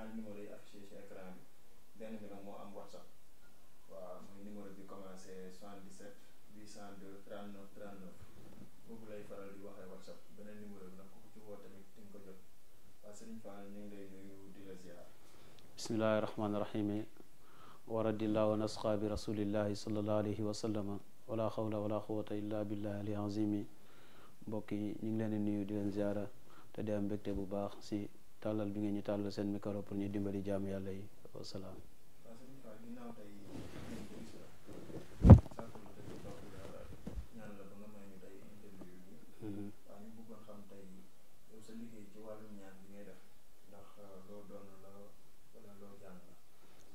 ñaari numéros yi affiché ci écran bi benn bi nag moo am di waxee whatsapp beneen numéro bi di nga ko la wa radillah wa nasqa bi wa sallama illa billah al azimi mbokk yi ñu ngi leen di nuyu di leen ziara te di am mbégte bu baax Talal bi ngeen ñu sen seen micro pour ñu dimbali jaam yalla yi wasalaam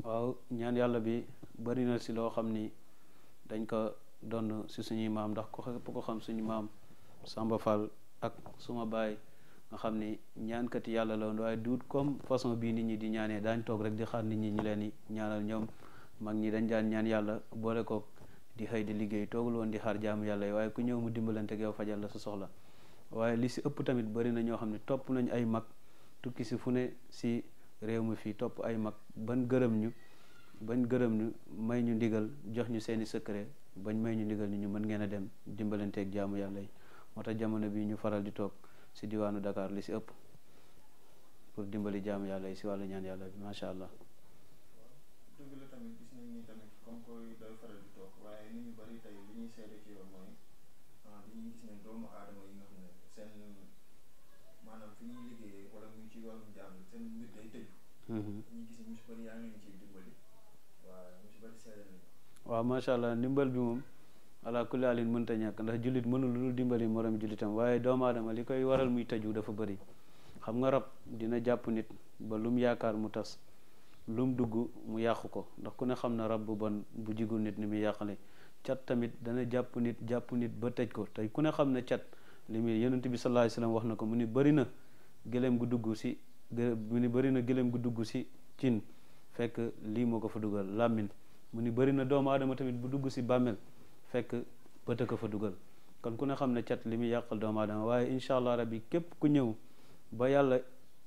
waaw ñaan yalla bi bari na ci lo xamni dañ ko don ci suñu maam ndax ko ko xam suñu maam Samba Fall ak suma baye nga xam ni ñaankat yàlla la woon waaye duut comme façon bii nit ñi di ñaanee daañ toog rek di xaar nit ñi ñu leen di ñaanal ñoom mag ñi dañ daan ñaan yàlla boole ko di xëy di liggéey toogul woon di xaar jaamu yàlla yi waaye ku ñëw mu dimbalante ak yow sa soxla waaye li si ëpp tamit bëri na ñoo xam ne topp nañ ay mag tukki si fu ne si réew mi fii topp ay mag ban gërëm ñu bañ gërëm ñu may ñu ndigal jox ñu seeni secret bañ may ñu ndigal ñu mën ngeen a dem dimbalante ak jaamu yàlla yi moo tax jamono bi ñu faral di toog si diwanu Dakar li ci ëpp pour dimbali jaamu yalla ci walu ñaan yalla bi allah. wa la allah nimbal bi ala kulli alin mënta ñàkk ndax julit mënul lu dimbali morom julitam waaye doomu aadama li koy waral muy tëju dafa bëri xam nga rab dina jàpp nit ba lum yaakaar mu tas lum dugg mu yàqu ko ndax ku ne xam na rab bu bon bu jigul nit ni muy yàqale cat tamit dana jàpp nit jàpp nit ba tëj ko tey ku ne xam na cat li muy bi sallallahu alayhi wasallam wax na ko mu ni bëri na gu dugg si mu ni na gëléem gu dugg si cin fekk lii moo ko fa dugal làmmin mu ni bëri na doomu aadama tamit bu dugg si bamel. fekk bët ko fa dugal kon ku ne xam ne cat li muy yàqal doomu aadama waaye incha allah rabbi képp ku ñëw ba yàlla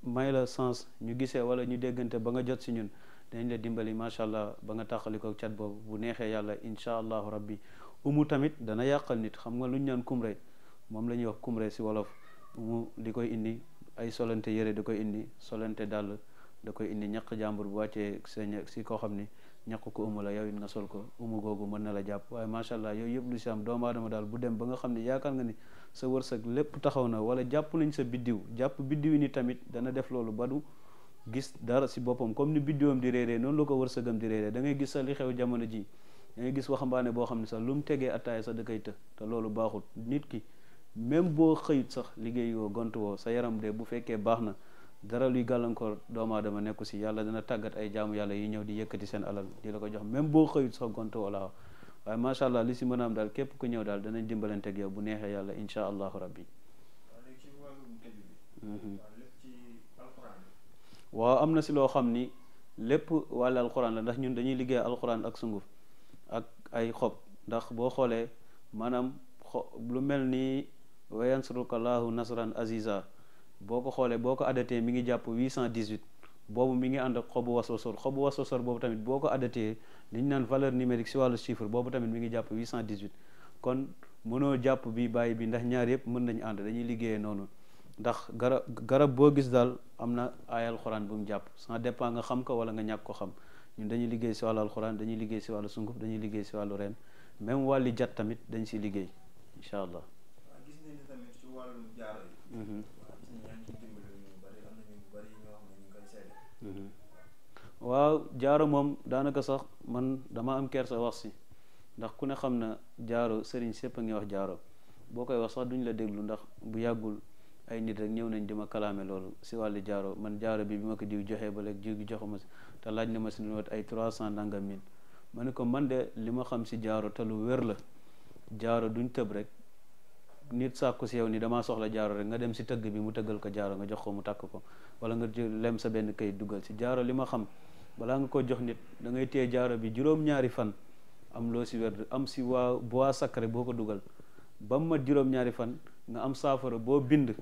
may la sens ñu gisee wala ñu déggante ba nga jot si ñun dañ la dimbali macha allah ba nga tàqali ko cat boobu bu neexee yàlla incha allahu rabbi umu tamit dana yàqal nit xam nga lu ñu naan kumre moom la ñuy wax kumre si wolof umu li koy indi ay solante yére da koy indi solante dàll da koy indi ñaq jàmbur bu wàccee si ko xam ni ñàkk ko umu la yow it nga sol ko umu googu mën na la jàpp waaye macha allah yooyu yëpp lu si am doomu aadama daal bu dem ba nga xam ne yaakaar nga ni sa wërsëg lépp taxaw na wala jàpp nañ sa biddiw jàpp biddiw yi ni tamit dana def loolu ba du gis dara si boppam comme ni biddiwam di réeree noonu la ko wërsëgam di reere da ngay gis sa li xew jamono ji da gis waxambaane boo xam ne sax lu mu tegee attaaya sax da të te loolu baaxul nit ki même boo xëyut sax liggéey gont woo sa yaram de bu fekkee baax na dara luy gàllankoor doomu aadama nekku si yàlla dana tàggat ay jaamu yàlla yi ñëw di yëkkati seen alal di la ko jox même boo xëyut sax gont wala waaye macha allah li si mën a am daal képp ku ñëw daal danañ dimbalante ak yow bu neexee yàlla incha allahu rabbi mhm. waaw am na si loo xam ni lépp wàll alquran la ndax ñun dañuy liggéey alquran ak sunguf ak ay xob ndax boo xoolee maanaam xob lu mel ni wayansurukallahu nasran aziza boo ko xoolee boo ko adatee mi ngi jàpp 818 boobu mi ngi ànd ak xobu wasosor xobu wasosor boobu tamit boo ko adatee li ñu naan valeur numérique si wàllu chiffre boobu tamit mi ngi jàpp 818 kon mënoo jàpp bi bàyyi bi ndax ñaar yëpp mën nañu ànd dañuy liggéeyee noonu ndax garab garab boo gis daal am na aayal xuraan bu mu jàpp ça dépend nga xam ko wala nga ñàkk ko xam ñun dañuy liggéey si wàllu alxuraan dañuy liggéey si wàllu sunguf dañuy liggéey si wàllu ren même wàlli jat tamit dañ si liggéey incha allah. waaw jaaro moom daanaka sax man dama am kersa wax si ndax ku ne xam na jaaro sëriñ sépp a ngi wax jaaro boo koy wax sax duñ la déglu ndax bu yàggul ay nit rek ñëw nañ di ma kalaame loolu si wàllu jaaro man jaaro bi bi ma ko diw joxee ba léegi jiw joxu ma si te laaj na ma si nuwat ay trois cent nangam mille ma ne ko man de li ma xam si jaaro te wér la jaaro duñ tëb rek nit sàkku si yow ni damaa soxla jaaro rek nga dem si tëgg bi mu tëggal ko jaaro nga jox ko mu takk ko wala nga lem sa benn kayit dugal si jaaro li ma xam balaa nga ko jox nit da ngay téye jaaro bi juróom-ñaari fan am loo si werd am si waa bois sacré boo ko dugal ba mu mat juróom-ñaari fan nga am saafara boo bind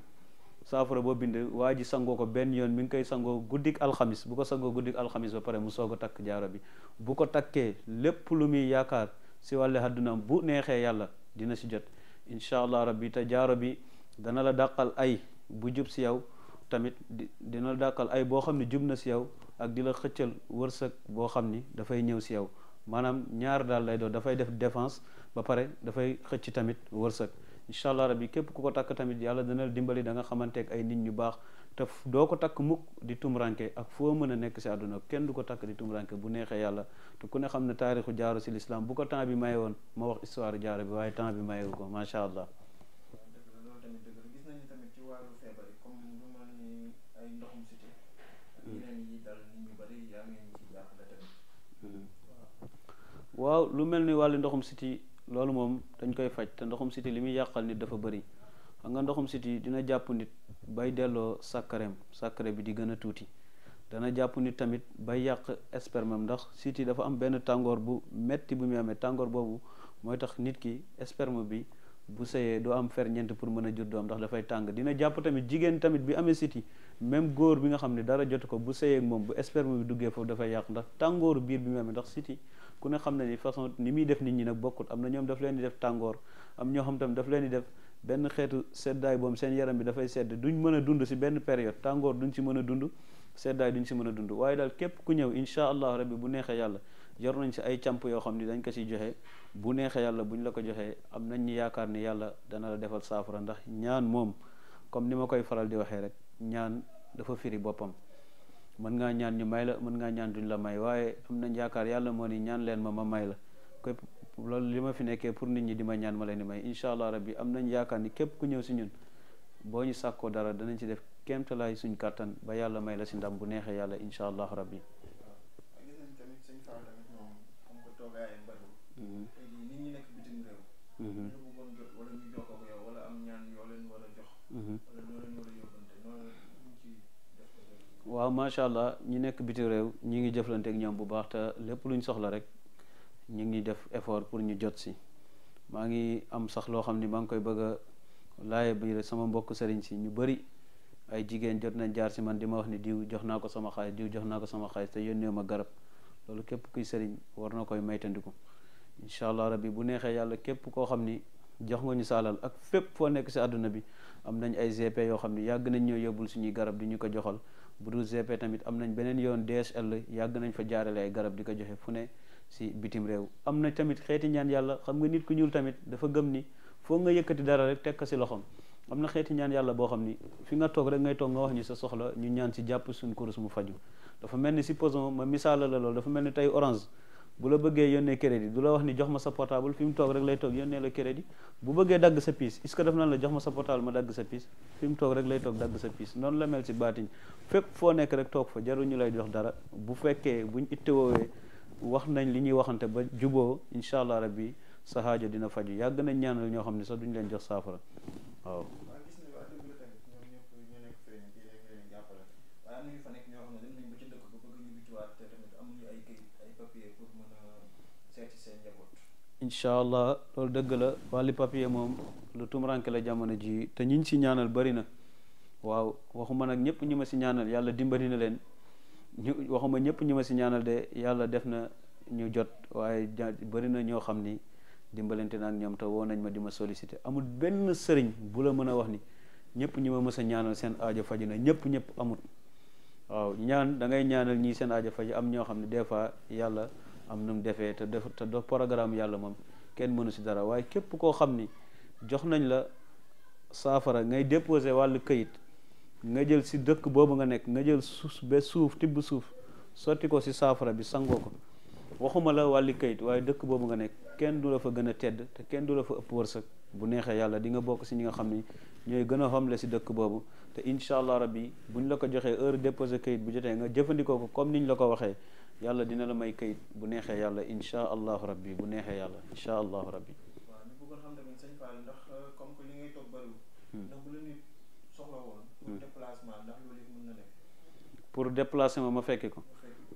saafara boo bind waa ji sangoo ko benn yoon mi ngi koy sangoo guddik alxamis bu ko sangoo guddik alxamis ba pare mu soog a takk jaaro bi bu ko takkee lépp lu muy yaakaar si wàllu àdduna bu neexee yàlla dina si jot incha allah rabbi te jaaro bi dana la dàqal ay bu jub si yow tamit dina la dàqal ay boo xam ne jub na si yow ak di la xëccal wërsëg boo xam ni dafay ñëw si yow maanaam ñaar daal lay doo dafay def défense ba pare dafay xëcc tamit wërsëg incha allah rabbi képp ku ko takk tamit yàlla dana la dimbali da nga xamanteek ay nit ñu baax te doo ko takk mukk di tumranke ak foo mën a nekk si adduna kenn du ko takk di tumranke bu neexee yàlla te ku ne xam ne taarixu jaaro si lislaam bu ko temps bi maye woon ma wax histoire jaaro bi waaye temps bi mayewu ko macha allah Hmm. waaw lu mel ni wàllu ndoxum siti loolu moom dañ koy faj te ndoxum siti li muy yàqal nit dafa bari xam nga ndoxum siti dina jàpp nit bay delloo sàkkareem sàkkare bi di gën a tuuti dana jàpp nit tamit bay yàq sperme ndax siti dafa am benn tàngoor bu metti bu muy amee tàngoor boobu mooy tax nit ki sperme bi bu sëyee doo am ferñeent pour mën a jur doom ndax dafay tàng dina jàpp tamit jigéen tamit bi amee siti même góor bi nga xam ne dara jotu ko bu sëyeeg moom bu sperme bi duggee foofu dafay yàq ndax tàngooru biir bi mu amee ndax siti ku ne xam ne ni façon ni muy def nit ñi nag bokkut am na daf leen def tàngoor am ñoo xam tam daf leen di def benn xeetu seddaay boobu seen yaram bi dafay sedd duñ mën a dund si benn période tàngoor duñ si mën a dund seddaay duñ si mën a dund waaye daal képp ku ñëw incha allah rabbi bu neexee yàlla jar nañ si ay càmp yoo xam ni dañ ko si joxe bu neexee yàlla bu ñu la ko joxee am nañ ñu yaakaar ni yàlla dana la defal saafara ndax ñaan moom comme ni ma koy faral di waxee rek ñaan dafa firi boppam mën ngaa ñaan ñu may la mën ngaa ñaan duñ la may waaye am nañ yaakaar yàlla moo ni ñaan leen ma ma may la képp loolu li ma fi nekkee pour nit ñi di ma ñaan ma leen di may incha allah rabbi am nañ yaakaar ni képp ku ñëw si ñun boo ñu sàkkoo dara danañ si def kéemtalaay suñ kàttan ba yàlla may la si ndam bu neexee yàlla incha allah rabbi mm-hmm. nit waaw macha allah ñi nekk biti réew ñi ngi jëflante ak ñoom bu baax te lépp luñ soxla rek ñu ngi def effort pour ñu jot si maa ngi am sax loo xam ni maa ngi koy bëgg a laaye rek sama mbokk sëriñ si ñu bëri ay jigéen jot nañ jaar si man di ma wax ni diw jox naa ko sama xaalis diw jox naa ko sama xaalis te yónnee ma garab loolu képp kuy sëriñ war na koy maytandiku incha allah bi bu neexee yàlla képp koo xam ni jox nga ñu saalal ak fépp foo nekk si àdduna bi am nañ ay GP yoo xam ni yàgg nañ ñoo yóbbul suñuy garab di ñu ko joxal bu dul GP tamit am nañ beneen yoon DSL yàgg nañ fa jaarale ay garab di ko joxe fu ne si bitim réew am na tamit xeeti ñaan yàlla xam nga nit ku ñuul tamit dafa gëm ni foo nga yëkkati dara rek teg ko si loxoom am na xeeti ñaan yàlla boo xam ni fi nga toog rek ngay toog nga wax ñu sa soxla ñu ñaan si jàpp suñ kurus mu faju dafa mel ni supposons ma misaala la loolu dafa mel ni tey orange bu la bëggee yónnee crédit du la wax ni jox ma sa portable fi mu toog rek lay toog yónnee la crédit bu bëggee dagg sa piis est-ce que def nan la jox ma sa portable ma dagg sa piis fi mu toog rek lay toog dagg sa piis noonu la mel ci baatiñ fépp foo nekk rek toog fa jaruñu lay jox dara bu fekkee buñ ittewoowee wax nañ li ñuy waxante ba juboo incha allah rabbi sa haajo dina faju yàgg nañ ñaanal ñoo xam ne sax duñ leen jox saafara waaw incha allah loolu dëgg la wàlli papier moom lu tumuranke la jamono jii te ñiñ si ñaanal bari na waaw waxuma nag ñëpp ñi ma si ñaanal yàlla dimbali na leen ñu waxuma ñëpp ñi ma si ñaanal de yàlla def na ñu jot waaye bari na ñoo xam ni dimbalante na ñoom te woo nañ ma di ma sollicité amul benn sëriñ bu la mën a wax ni ñëpp ñi ma mës a ñaanal seen aajo faju na ñëpp ñëpp amut waaw ñaan da ñaanal ñii seen aajo faju am ñoo xam ne des fois yàlla am nu mu defee te def te do programme yàlla moom kenn mënu si dara waaye képp koo xam ni jox nañ la saafara ngay déposé wàll kayit nga jël si dëkk boobu nga nekk nga jël suuf ba suuf tibb suuf sotti ko si saafara bi sangoo ko waxuma la wàll kayit waaye dëkk boobu nga nekk kenn du la fa gën a tedd te kenn du la fa ëpp wërsëg bu neexee yàlla di nga bokk si ñi nga xam ni ñooy gën a xamle si dëkk boobu te incha allah rabbi ñu la ko joxee heure déposé kayit bu jotee nga jëfandikoo ko comme niñ la ko waxee yàlla dina la may kayit bu neexee yàlla incha allahu rabbi bu neexee yàlla incha allahu rabbi. waaw ñu bëggoon xam tamit sëñ Fall euh, hmm. hmm. pour déplacement ma fekke ko.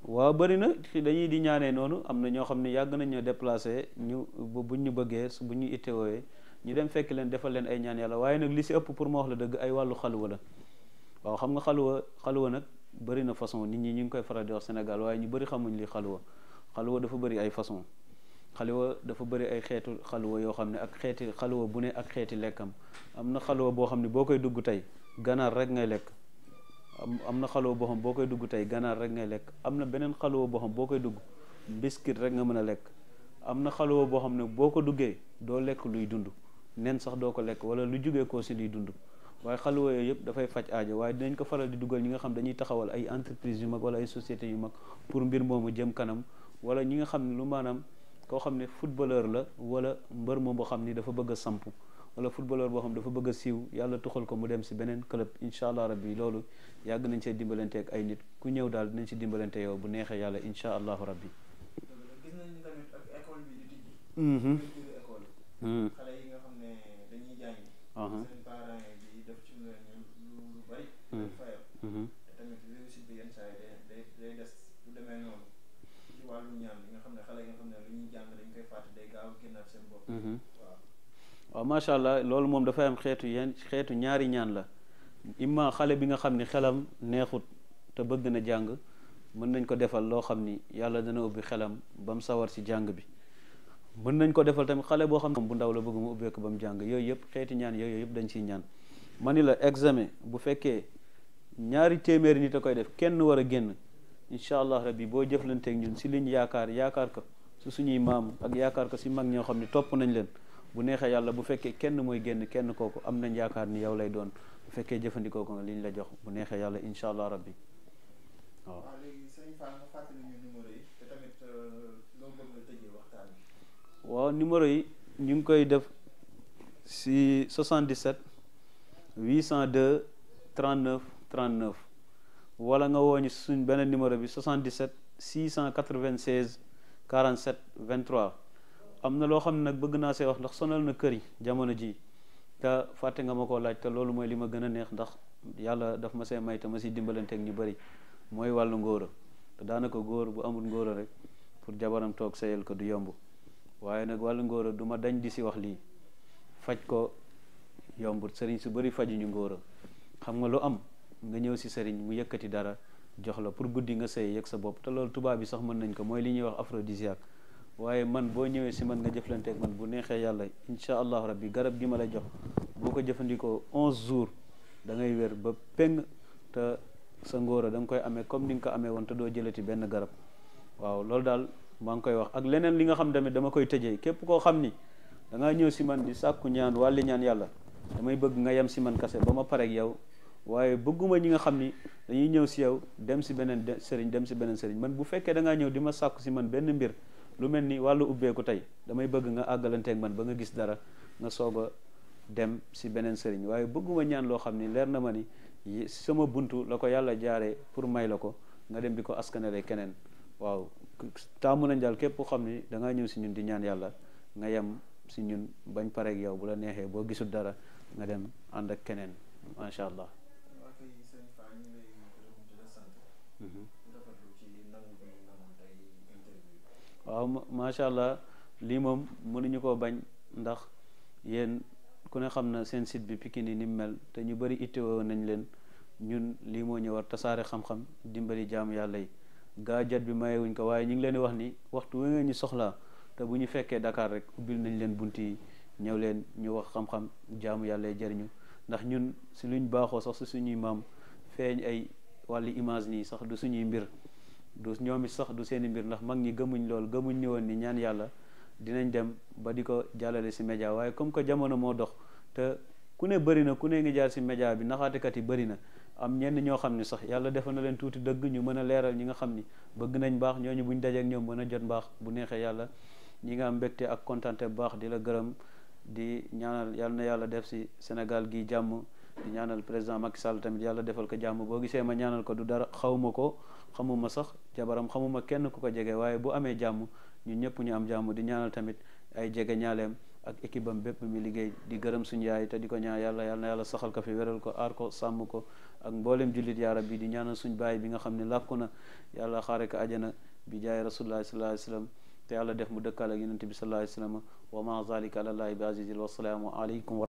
waaw bëri na dañuy di ñaanee noonu am na ñoo xam ne yàgg nañ ñoo déplacé ñu buñ ñu bëggee su bu ñu itteewee ñu dem fekk leen defal leen ay ñaan yàlla waaye nag li si ëpp pour ma wax la dëgg ay wàllu xaluwa la waaw xam nga xaluwa xaluwa nag bëri na façon nit ñi ñu ngi koy faral di wax Sénégal waaye ñu bëri xamuñ li xalwa xalwa dafa bëri ay façon xalwa dafa bëri ay xeetu xalwa yoo xam ne ak xeeti xalwa bu ne ak xeeti lekkam am na xalwa boo xam ne boo koy dugg tey ganaar rek ngay lekk am na xalwa boo xam boo koy dugg tey ganaar rek ngay lekk am na beneen xalwa boo boo koy dugg biscuit rek nga mën a lekk am na xalwa boo xam ne boo ko duggee doo lekk luy dund nen sax doo ko lekk wala lu jugee koo si luy dund waaye xalwa yooyu yëpp dafay faj aajo waaye dinañ ko faral di dugal ñi nga xam dañuy taxawal ay entreprise yu mag wala ay sociétés yu mag pour mbir moomu jëm kanam wala ñi nga xam ne lu maanaam koo xam ne footballeur la wala mbër moom boo xam ni dafa bëgg a samp wala footballeur boo xam dafa bëgg a siiw yàlla tuxal ko mu dem si beneen club incha allah rabbi loolu yàgg nañ see dimbalante ak ay nit ku ñëw daal dinañ si dimbalante yow bu neexee yàlla incha allahu rabbi. gis nañ tamit ak école bi di tijji. Mhm. Mhm. xale yi nga xam ne dañuy jàngi. Uh-huh. fayal hmm. hmm. te tamit hmm. waaw waaw allah loolu moom dafay am xeetu yenn xeetu ñaari ñaan la imma xale bi nga xam ni xelam neexut te bëgg na jàng mën nañ ko defal loo xam ni yàlla dana ubbi xelam bam mu sawar si jàng bi mën nañ ko defal tamit xale boo xam ne bu ndaw la bëgg mu ubbeeku ba mu jàng yooyu yëpp xeeti ñaan yooyu yëpp dañ ciy ñaan ma examen bu fekkee ñaari téeméeri nit a koy def kenn war a génn incha allah rabbi boo jëflanteeg ñun si liñ yaakaar yaakaar ko su suñuy maam ak yaakaar ko si mag ñoo xam ne topp nañ leen bu neexee yàlla bu fekkee kenn mooy génn kenn kooku am nañ yaakaar ni yow lay doon bu fekkee jëfandikoo ko nga liñ la jox bu neexee yàlla incha allah rabbi waaw. Euh, numéro yi ñu ngi koy def si 77 802 39. 39 wala nga wooñ ñu suñ beneen numéro bi 77 696 47 23 am na loo xam ne nag bëgg naa see wax ndax sonal na kër yi jamono ji te fàtte nga ma ko laaj te loolu mooy li ma gën a neex ndax yàlla daf ma see may te ma siy dimbalanteeg ñu bëri mooy wàllu ngóora te daanaka góor bu amul ngóora rek pour jabaram toog seyal ko du yomb waaye nag wàllu ngóora duma dañ di si wax lii faj ko yombut sëriñ su bëri fajuñu ngóora xam nga lu am nga ñëw si sëriñ mu yëkkati dara jox la pour guddi nga sëy yëg sa bopp te loolu tubaab bi sax mën nañ ko mooy li ñuy wax aphrodisiaque waaye man boo ñëwee si man nga jëflanteeg man bu neexee yàlla incha allahu rabbi garab gi ma la jox boo ko jëfandikoo onze jours da ngay wér ba peng te sa ngóora da koy amee comme ni nga ko amee woon te doo jëlati benn garab waaw loolu daal maa ngi koy wax ak leneen li nga xam tamit dama koy tëjee képp koo xam ni da ñëw si man di sàkku ñaan wàlli ñaan yàlla damay bëgg nga yem si man kase ma pareeg yow waye bëgguma ñi nga xamni dañuy ñëw ci yow dem si benen sëriñ dem si benen sëriñ man bu fekke da nga ñëw dima ma ci si man benn mbir lu melni walu ubbe ko tay damay bëgg nga ak man ba nga gis dara nga soog dem si benen sëriñ waye bëgguma ñaan lo xamni leer na ma ni sama buntu lako yalla yàlla pour may lako ko nga dem di ko askanale kenen waaw taamu nañ daal képp da nga ñëw ci ñun di ñaan yalla nga yam ci ñun bañ ak yow bu la nexé bo gisul dara nga dem and ak kenen macha allah Moustapha ñu lay allah lii moom mënuñu koo bañ ndax yéen ku ne xam na seen sit bi Pikine nim mel te ñu bëri itteewoo nañ leen ñun lii moo ñu war tasaare xam-xam dimbali jaamu yàlla yi gaa jat bi mayewuñ ko waaye ñu ngi leen di wax ni waxtu wi ñu soxlaa te bu ñu fekkee dakaar rek ubbil nañ leen bunt yi ñëw leen ñu wax xam-xam jaamu yàlla yi jëriñu ndax ñun si luñ baaxoo sax si suñuy maam feeñ ay wàllu image nii sax du suñuy mbir du ñoom it sax du seeni mbir ndax mag ñi gëmuñ lool gëmuñ ni woon ni ñaan yàlla dinañ dem ba di ko jàllale si média waaye comme que jamono moo dox te ku ne bëri na ku ne ngi jaar si média bi naxaatekat yi bëri na am ñenn ñoo xam ne sax yàlla defal na leen tuuti dëgg ñu mën a leeral ñi nga xam ni bëgg nañ baax ñooñu buñ dajeek ñoom mën a jot mbaax bu neexee yàlla ñi nga am mbégte ak kontaante bu baax di la gërëm di ñaanal yàlla def si Sénégal gi jàmm di ñaanal président Macky Sall tamit yàlla defal ko jàmm boo gisee ma ñaanal ko du dara xawma ko xamuma sax jabaram xamuma kenn ku ko jege waaye bu amee jàmm ñun ñëpp ñu am jàmm di ñaanal tamit ay jege ñaaleem ak équipe bépp mi liggéey di gërëm suñu yaay te di ko ñaa yàlla yàlla na yàlla saxal ko fi wéral ko aar ko sàmm ko ak mboolem jullit yaara bi di ñaanal suñ baay bi nga xam ne làkku na yàlla xaare ko ajana bi jaay rasulullah sallallahu alayhi wasallam te yàlla def mu dëkkaal ak yonente bi sallallahu ma zalika ala llahi bi